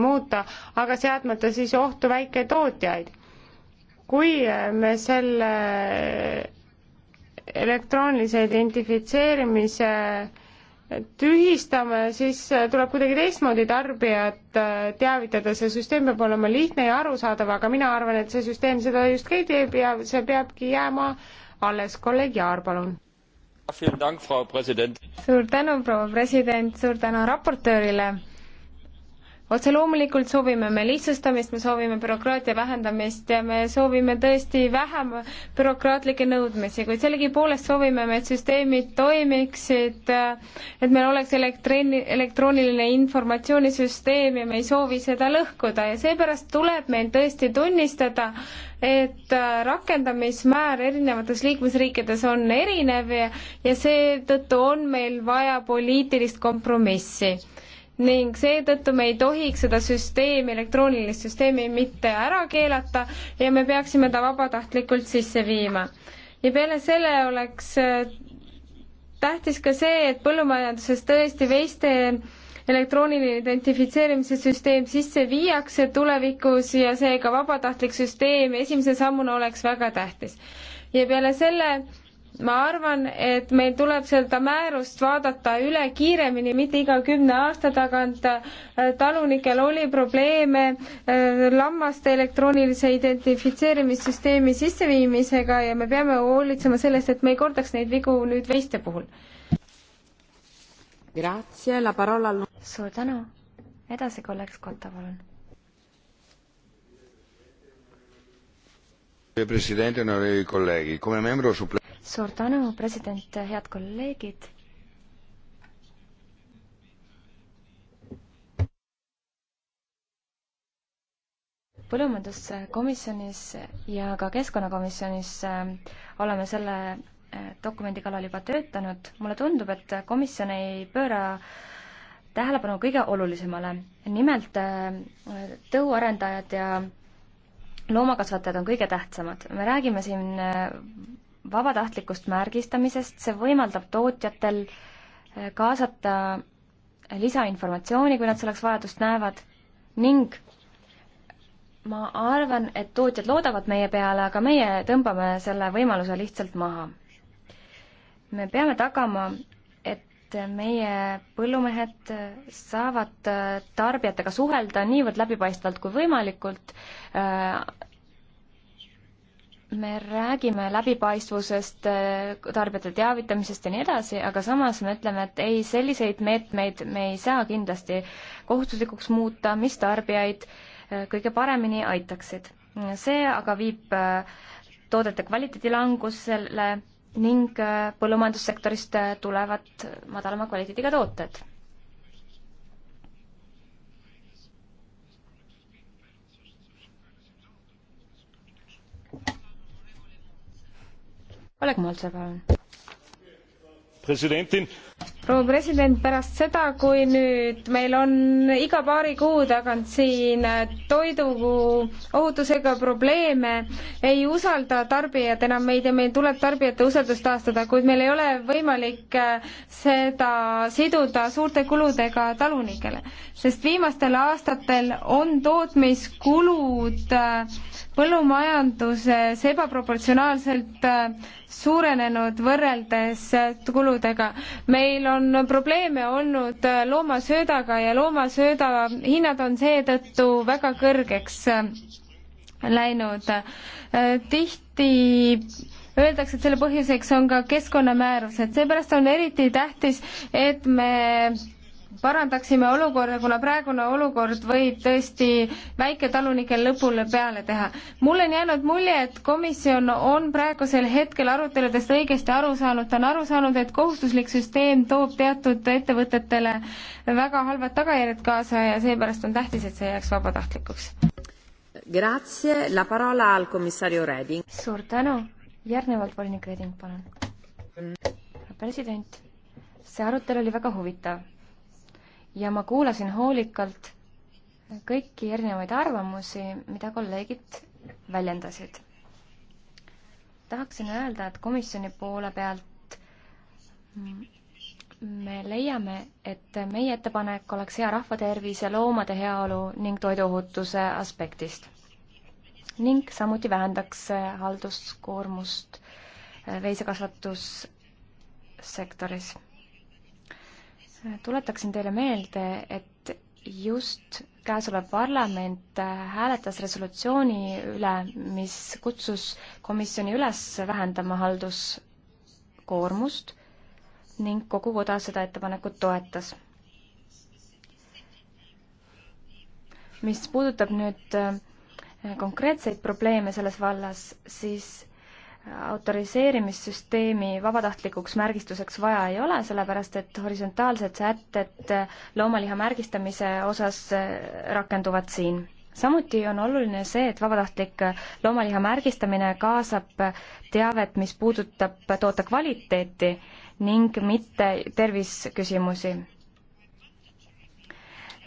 muuta, aga seadmata siis ohtu väiketootjaid kui me selle elektroonilise identifitseerimise tühistame, siis tuleb kuidagi teistmoodi tarbijat äh, teavitada, see süsteem peab olema lihtne ja arusaadav, aga mina arvan, et see süsteem seda just ka ei tee, peab, see peabki jääma alles, kolleeg Jaar, palun. suur tänu, proua president, suur tänu raportöörile otse loomulikult soovime me lihtsustamist, me soovime bürokraatia vähendamist ja me soovime tõesti vähem bürokraatlikke nõudmisi, kuid sellegipoolest soovime me, et süsteemid toimiksid, et meil oleks elektri-, elektrooniline informatsioonisüsteem ja me ei soovi seda lõhkuda ja seepärast tuleb meil tõesti tunnistada, et rakendamismäär erinevates liikmesriikides on erinev ja, ja seetõttu on meil vaja poliitilist kompromissi ning seetõttu me ei tohiks seda süsteemi, elektroonilist süsteemi mitte ära keelata ja me peaksime ta vabatahtlikult sisse viima. ja peale selle oleks äh, tähtis ka see, et põllumajanduses tõesti veiste elektrooniline identifitseerimise süsteem sisse viiakse tulevikus ja seega vabatahtlik süsteem esimese sammuna oleks väga tähtis. ja peale selle ma arvan, et meil tuleb seda määrust vaadata üle kiiremini, mitte iga kümne aasta tagant. Äh, talunikel oli probleeme äh, lammaste elektroonilise identifitseerimissüsteemi sisseviimisega ja me peame hoolitsema sellest, et me ei kordaks neid vigu nüüd veiste puhul. suur tänu, edasi kolleeg Skotta, palun signor presidente onorevoli colleghi come membro supplente suur tänu, president, head kolleegid. põllumajanduskomisjonis ja ka keskkonnakomisjonis äh, oleme selle äh, dokumendi kallal juba töötanud. mulle tundub, et komisjon ei pööra tähelepanu kõige olulisemale. nimelt äh, tõuarendajad ja loomakasvatajad on kõige tähtsamad. me räägime siin vabatahtlikust märgistamisest, see võimaldab tootjatel eh, kaasata eh, lisainformatsiooni, kui nad selleks vajadust näevad ning ma arvan, et tootjad loodavad meie peale, aga meie tõmbame selle võimaluse lihtsalt maha. me peame tagama, et meie põllumehed saavad tarbijatega suhelda niivõrd läbipaistvalt kui võimalikult, eh, me räägime läbipaistvusest, tarbijate teavitamisest ja nii edasi, aga samas me ütleme, et ei, selliseid meetmeid me ei saa kindlasti kohustuslikuks muuta, mis tarbijaid eh, kõige paremini aitaksid. see aga viib eh, toodete kvaliteedi langusele ning eh, põllumajandussektorist tulevad madalama kvaliteediga tooted Oleg Moltser, palun. presidentin. proua president, pärast seda, kui nüüd meil on iga paari kuu tagant siin toiduohutusega probleeme, ei usalda tarbijad enam meid ja meil tuleb tarbijate usaldus taastada, kuid meil ei ole võimalik äh, seda siduda suurte kuludega talunikele, sest viimastel aastatel on tootmiskulud äh, põllumajanduses ebaproportsionaalselt äh, suurenenud võrreldes kuludega. meil on probleeme olnud loomasöödaga ja loomasööda hinnad on seetõttu väga kõrgeks läinud. tihti öeldakse, et selle põhjuseks on ka keskkonnamäärused, seepärast on eriti tähtis, et me parandaksime olukorda, kuna praegune olukord võib tõesti väiketalunikel lõpule peale teha. mul on jäänud mulje, et komisjon on praegusel hetkel aruteludest õigesti aru saanud, ta on aru saanud, et kohustuslik süsteem toob teatud ettevõtetele väga halvad tagajärjed kaasa ja seepärast on tähtis, et see jääks vabatahtlikuks. Grazie, la parola al commissario Reding. suur tänu, järgnevalt volinik Reding, palun. president see arutelu oli väga huvitav ja ma kuulasin hoolikalt kõiki erinevaid arvamusi, mida kolleegid väljendasid. tahaksin öelda, et komisjoni poole pealt me leiame, et meie ettepanek oleks hea rahvatervise, loomade heaolu ning toiduohutuse aspektist. ning samuti vähendaks halduskoormust veisekasvatussektoris tuletaksin teile meelde, et just käesolev parlament hääletas resolutsiooni üle, mis kutsus komisjoni üles vähendama halduskoormust ning kogu koda seda ettepanekut toetas. mis puudutab nüüd äh, konkreetseid probleeme selles vallas, siis autoriseerimissüsteemi vabatahtlikuks märgistuseks vaja ei ole, sellepärast et horisontaalsed sätted loomaliha märgistamise osas eh, rakenduvad siin. samuti on oluline see, et vabatahtlik loomaliha märgistamine kaasab teavet, mis puudutab toote kvaliteeti ning mitte terviseküsimusi.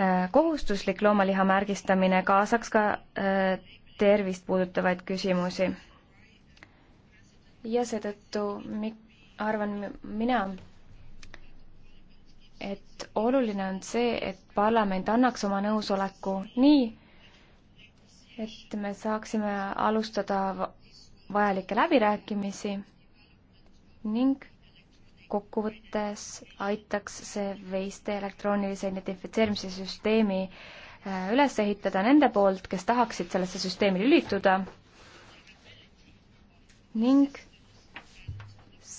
Eh, kohustuslik loomaliha märgistamine kaasaks ka eh, tervist puudutavaid küsimusi ja seetõttu mi-, arvan mina, et oluline on see, et parlament annaks oma nõusoleku nii, et me saaksime alustada vajalikke läbirääkimisi ning kokkuvõttes aitaks see veiste elektroonilise identifitseerimise süsteemi äh, üles ehitada nende poolt, kes tahaksid sellesse süsteemi lülituda ning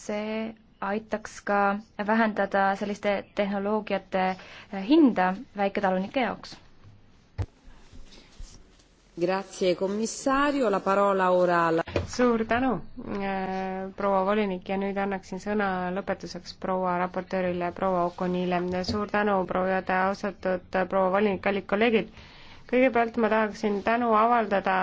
see aitaks ka vähendada selliste tehnoloogiate eh, hinda väiketalunike jaoks. Grazie commissario, la parola ora alla... suur tänu, eh, proua volinik ja nüüd annaksin sõna lõpetuseks proua raportöörile, proua Okonile. suur tänu, proua juhataja, austatud eh, proua volinik, kallid kolleegid. kõigepealt ma tahaksin tänu avaldada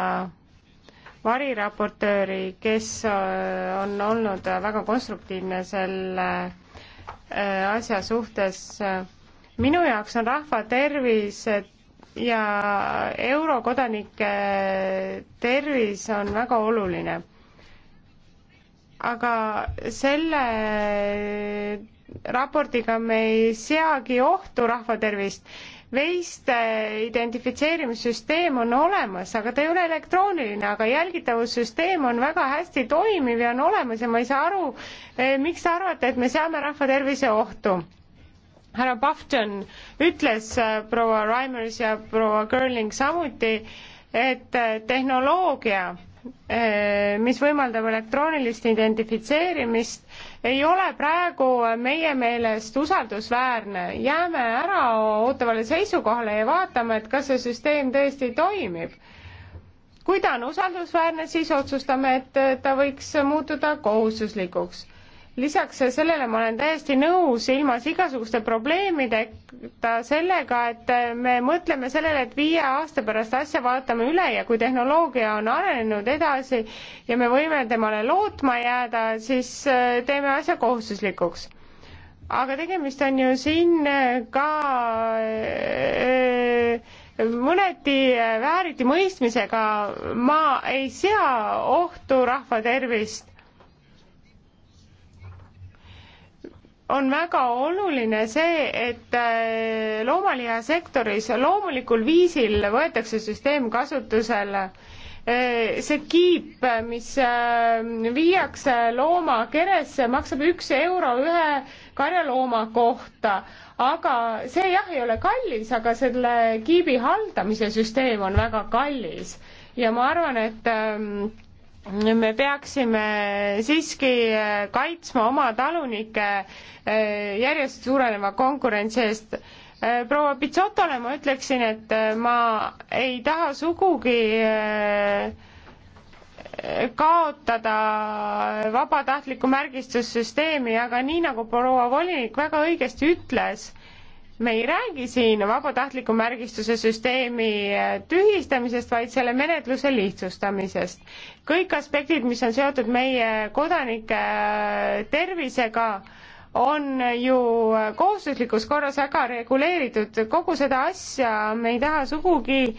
variraportööri, kes äh, on olnud väga konstruktiivne selle äh, asja suhtes. minu jaoks on rahva tervis ja eurokodanike tervis on väga oluline. aga selle raportiga me ei seagi ohtu rahva tervist veiste identifitseerimissüsteem on olemas, aga ta ei ole elektrooniline, aga jälgitavussüsteem on väga hästi toimiv ja on olemas ja ma ei saa aru, eh, miks te arvate, et me seame rahva tervise ohtu härra Pafton ütles eh, proua Reimers ja proua Girling samuti, et eh, tehnoloogia Eh, mis võimaldab elektroonilist identifitseerimist, ei ole praegu meie meelest usaldusväärne. jääme ära ootavale seisukohale ja vaatame, et kas see süsteem tõesti toimib. kui ta on usaldusväärne, siis otsustame, et ta võiks muutuda kohustuslikuks lisaks sellele ma olen täiesti nõus ilma igasuguste probleemideta sellega, et me mõtleme sellele, et viie aasta pärast asja vaatame üle ja kui tehnoloogia on arenenud edasi ja me võime temale lootma jääda, siis äh, teeme asja kohustuslikuks. aga tegemist on ju siin äh, ka öö, äh, mõneti vääriti mõistmisega, ma ei sea ohtu rahva tervist on väga oluline see, et äh, loomalihasektoris loomulikul viisil võetakse süsteem kasutusele. Äh, see kiip, mis äh, viiakse looma keresse, maksab üks euro ühe karjalooma kohta, aga see jah, ei ole kallis, aga selle kiibi haldamise süsteem on väga kallis ja ma arvan, et ähm, me peaksime siiski äh, kaitsma oma talunike äh, järjest suureneva konkurentsi eest. Äh, proua Pitsotole ma ütleksin, et ma ei taha sugugi kaotada vabatahtlikku märgistussüsteemi, aga nii nagu proua volinik väga õigesti ütles, me ei räägi siin vabatahtliku märgistuse süsteemi äh, tühistamisest, vaid selle menetluse lihtsustamisest. kõik aspektid, mis on seotud meie kodanike äh, tervisega, on ju äh, kohustuslikus korras väga reguleeritud, kogu seda asja me ei taha sugugi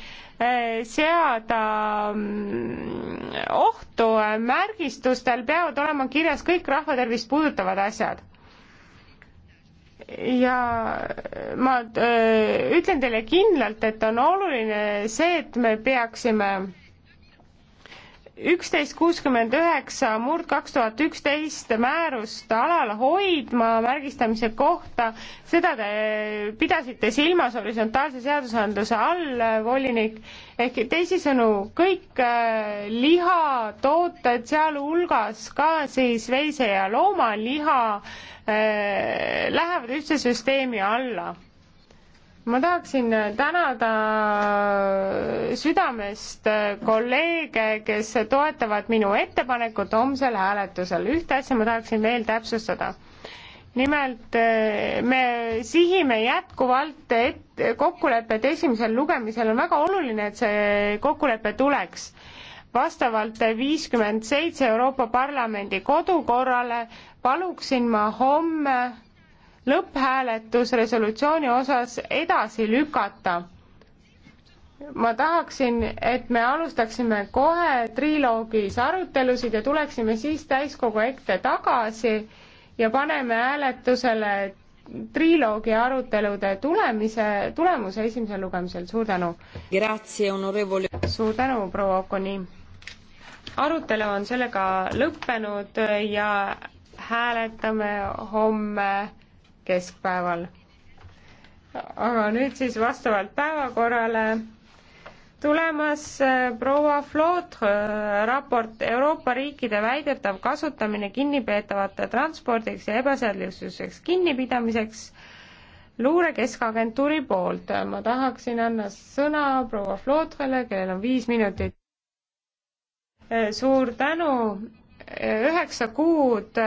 seada mm, ohtu, märgistustel peavad olema kirjas kõik rahvatervist puudutavad asjad ja ma öö, äh, ütlen teile kindlalt, et on oluline see, et me peaksime üksteist kuuskümmend üheksa murd kaks tuhat üksteist määrust alal hoidma märgistamise kohta, seda te pidasite silmas horisontaalse seadusandluse all, volinik, ehk teisisõnu, kõik äh, lihatooted, sealhulgas ka siis veise- ja loomaliha, äh, lähevad ühtse süsteemi alla ma tahaksin tänada südamest kolleege, kes toetavad minu ettepanekut homsel hääletusel. ühte asja ma tahaksin veel täpsustada. nimelt me sihime jätkuvalt, et kokkulepet esimesel lugemisel on väga oluline, et see kokkulepe tuleks vastavalt viiskümmend seitse Euroopa Parlamendi kodukorrale paluksin ma homme lõpphääletus resolutsiooni osas edasi lükata. ma tahaksin, et me alustaksime kohe triloogis arutelusid ja tuleksime siis täiskogu ette tagasi ja paneme hääletusele triloogi arutelude tulemise, tulemuse esimesel lugemisel, suur tänu! suur tänu, proua Okoni! arutelu on sellega lõppenud ja hääletame homme keskpäeval. aga nüüd siis vastavalt päevakorrale tulemas äh, proua Flotre äh, raport Euroopa riikide väidetav kasutamine kinnipeetavate transpordiks ja ebaseaduslikkuseks kinnipidamiseks luurekeskagentuuri poolt. ma tahaksin anda sõna proua Flotrele, kellel on viis minutit. Äh, suur tänu, üheksa kuud